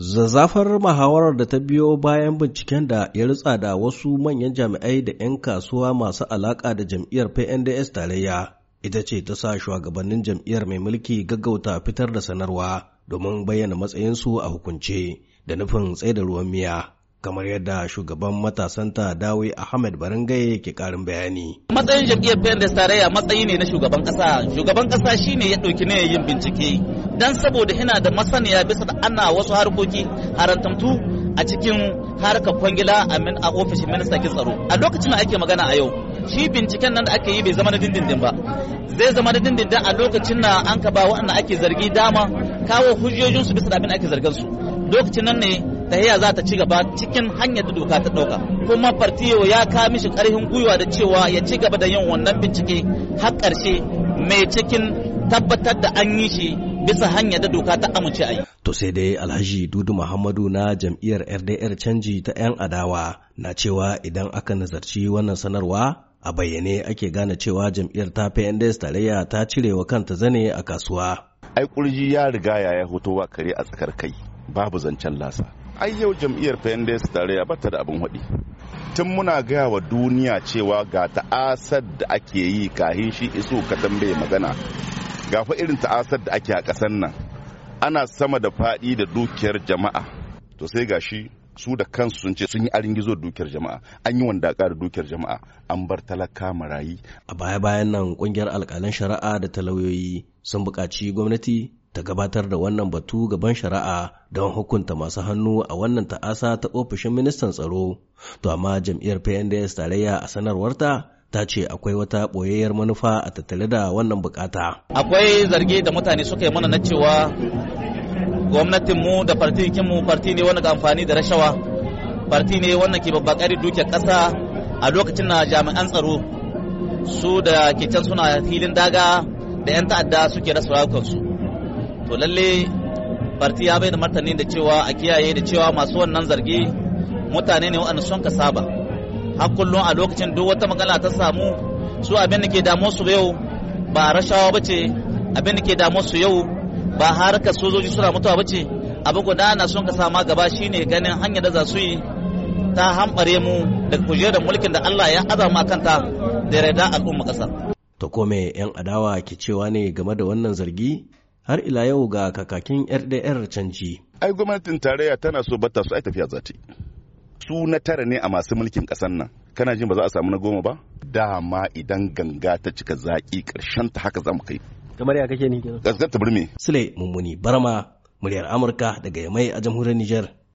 Zazzafar Mahawarar da ta biyo bayan binciken da ya ritsa da wasu manyan jami'ai da 'yan kasuwa masu alaƙa da jam'iyyar PNDS tarayya ita ce ta sa shugabannin jam'iyyar mai mulki gaggauta fitar da sanarwa domin bayyana matsayinsu a hukunce da nufin tsaida ruwan miya. kamar yadda shugaban matasanta dawe ahmed barangaye ke karin bayani matsayin jam'iyyar PNDS tarayya matsayi ne na shugaban kasa shugaban kasa shine ya ɗauki ne yin bincike dan saboda yana da masaniya bisa da ana wasu harkoki harantantu a cikin harkar kwangila a ofishin minista kin tsaro a lokacin da ake magana a yau shi binciken nan da ake yi bai zama na dindindin ba zai zama na dindindin a lokacin da an ka ba waɗanda ake zargi dama kawo hujjojinsu bisa da abin ake zargan su lokacin nan ne tahiya za ta ci gaba cikin hanyar da doka ta dauka kuma partiyo ya ka mishi karfin gwiwa da cewa ya ci gaba da yin wannan bincike har karshe mai cikin tabbatar da an yi shi bisa hanya da doka ta amince a yi. To sai dai Alhaji Dudu Muhammadu na jam'iyyar RDR canji ta 'yan adawa na cewa idan aka nazarci wannan sanarwa a bayyane ake gane cewa jam'iyyar ta PNDS tarayya ta cire wa kanta zane a kasuwa. Ai kurji ya riga ya ya wa kare a tsakar kai babu zancen lasa. Ai yau jam'iyyar PNDS tarayya ta da abin hudi. tun muna gaya wa duniya cewa ga ta'asar da ake yi kahin shi iso ka tambaye magana ga fa irin ta'asar da ake a ƙasar nan ana sama da faɗi da dukiyar jama'a to sai gashi su da kansu sun ce sun yi arin gizo dukiyar jama'a an yi wanda ƙara dukiyar jama'a an bar talaka marayi a baya bayan nan kungiyar alƙalan shari'a da talauyoyi sun buƙaci gwamnati ta gabatar da wannan batu gaban shari'a don hukunta masu hannu a wannan ta'asa ta ofishin ministan tsaro to amma jam'iyyar pnds tarayya a sanarwarta ta ce akwai wata ɓoyayyar manufa a tattale da wannan bukata. Akwai zargi da mutane suka yi mana na cewa gwamnatinmu da partikinmu farti ne wanda amfani da rashawa, farti ne wanda ke babbakari dukiyar ƙasa a lokacin na jami'an tsaro su da ke can suna filin daga da 'yan ta'adda suke rasa rayukansu. To lalle farti ya bai da martani da cewa a kiyaye da cewa masu wannan zargi mutane ne waɗanda son ka saba. har kullum a lokacin duk wata magana ta samu su abin da ke damu su yau ba rashawa bace abin da ke damu su yau ba harkar sojoji suna mutuwa bace abu guda na son ka sama gaba shine ganin hanyar da za su yi ta hambare mu daga kujerar mulkin da Allah ya azama kanta da yarda al'umma ƙasa. To kome 'yan adawa ke cewa ne game da wannan zargi? har ila yau ga kakakin RDR canji. Ai gwamnatin tarayya tana so bata so ai tafiya zati. su na tara ne a masu mulkin ƙasar nan kana jin ba za a samu na goma ba dama idan ganga ta cika zaƙi karshen ta haka za kai kamar ya kake ni gaskata birni sule mummuni barama muryar amurka daga yamai a jamhuriyar niger